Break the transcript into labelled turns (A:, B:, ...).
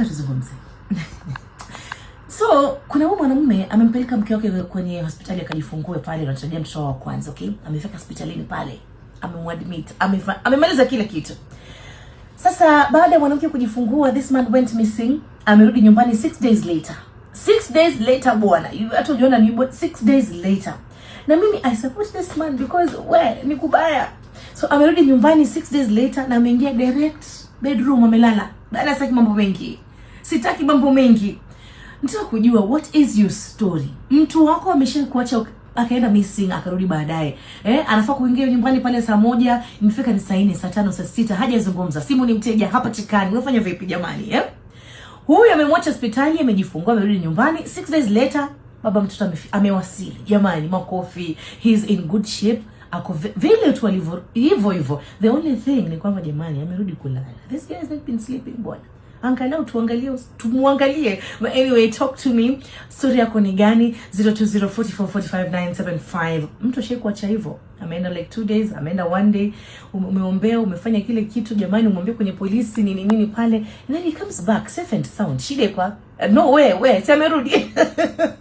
A: tena tuzungumze. So kuna huyu mwanamume amempeleka mke wake kwenye hospitali akajifungue pale, anatarajia mtoto wa kwanza. Okay, amefika hospitalini pale, amemwadmit, amemaliza kile kitu. Sasa baada ya mwanamke kujifungua, this man went missing. Amerudi nyumbani 6 days later, 6 days later bwana, hata ujiona ni 6 days later. Na mimi I support this man because we ni kubaya. So amerudi nyumbani 6 days later na ameingia direct bedroom, amelala baada ya sasa mambo mengi sitaki mambo mengi. Nataka kujua what is your story. Mtu wako ameshakuacha akaenda missing akarudi baadaye. Eh, anafaa kuingia nyumbani pale saa moja, imefika ni saa 4, saa 5, saa 6 hajazungumza. Simu ni mteja hapa tikani. Unafanya vipi jamani? Eh? Huyu amemwacha hospitali, amejifungua, amerudi nyumbani. 6 days later baba mtoto amewasili. Jamani, makofi. He's in good shape. Ako vile tu alivyo hivyo hivyo. The only thing ni kwamba jamani, amerudi kulala. This guy has not been sleeping bwana angalau tuangalie, tumwangalie. But anyway, talk to me, story yako ni gani? 0204445975 mtu ashaikuacha hivyo, ameenda like two days, ameenda one day, umeombea umefanya kile kitu, jamani, umwambie kwenye polisi nini nini pale, and then he comes back safe and sound. Shida kwa no way we, si amerudi